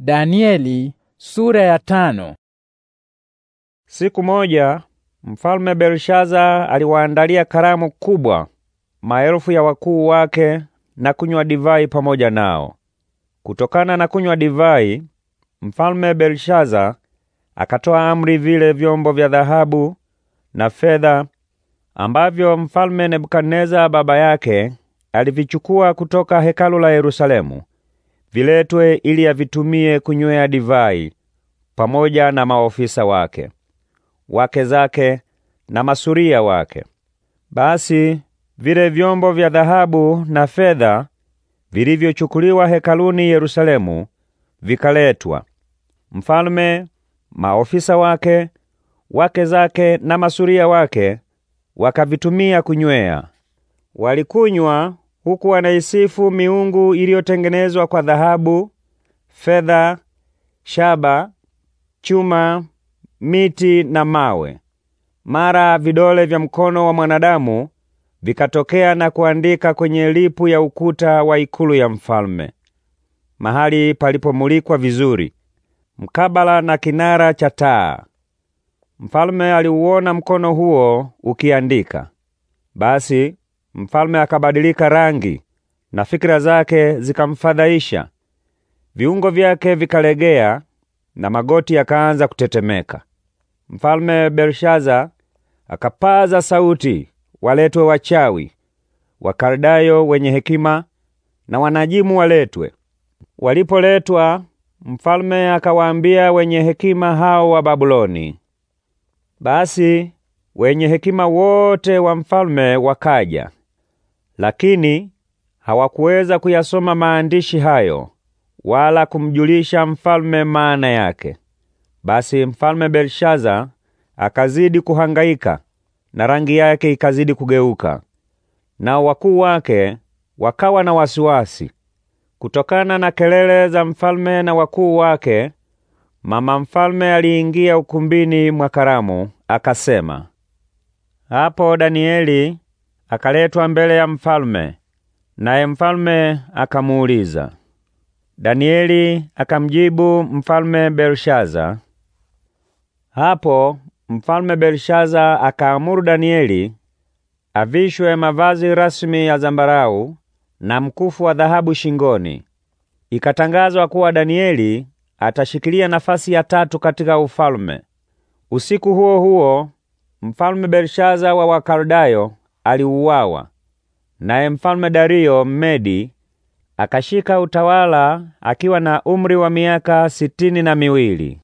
Danieli sura ya tano. Siku moja mfalme Belshaza aliwaandalia karamu kubwa maelfu ya wakuu wake na kunywa divai pamoja nao. Kutokana na kunywa divai, mfalme Belshaza akatoa amri vile vyombo vya dhahabu na fedha ambavyo mfalme Nebukadneza baba yake alivichukua kutoka hekalu la Yerusalemu viletwe ili avitumie kunywea divai pamoja na maofisa wake, wake zake na masuria wake. Basi vile vyombo vya dhahabu na fedha vilivyochukuliwa hekaluni Yerusalemu vikaletwa. Mfalme, maofisa wake, wake zake na masuria wake wakavitumia kunywea. Walikunywa huku wanaisifu miungu iliyotengenezwa kwa dhahabu, fedha, shaba, chuma, miti na mawe. Mara vidole vya mkono wa mwanadamu vikatokea na kuandika kwenye lipu ya ukuta wa ikulu ya mfalme, mahali palipomulikwa vizuri, mkabala na kinara cha taa. Mfalme aliuona mkono huo ukiandika. Basi Mfalme akabadilika rangi na fikira zake zikamfadhaisha. Viungo vyake vikalegea na magoti yakaanza kutetemeka. Mfalme Belshaza akapaza sauti, waletwe wachawi, Wakaldayo wenye hekima na wanajimu waletwe. Walipoletwa, mfalme akawaambia wenye hekima hao wa Babuloni. Basi wenye hekima wote wa mfalme wakaja lakini hawakuweza kuyasoma maandishi hayo wala kumjulisha mfalme maana yake. Basi mfalme Belshaza akazidi kuhangaika na rangi yake ikazidi kugeuka, na wakuu wake wakawa na wasiwasi kutokana na kelele za mfalme na wakuu wake. Mama mfalme aliingia ukumbini mwa karamu akasema, hapo Danieli akaletwa mbele ya mfalme, naye mfalme akamuuliza. Danieli akamjibu mfalme Belshaza. Hapo mfalme Belshaza akaamuru Danieli avishwe mavazi rasmi ya zambarau na mkufu wa dhahabu shingoni. Ikatangazwa kuwa Danieli atashikilia nafasi ya tatu katika ufalme. Usiku huo huo mfalme Belshaza wa Wakaldayo aliuawa. Naye mfalme Dario Mmedi akashika utawala akiwa na umri wa miaka sitini na miwili.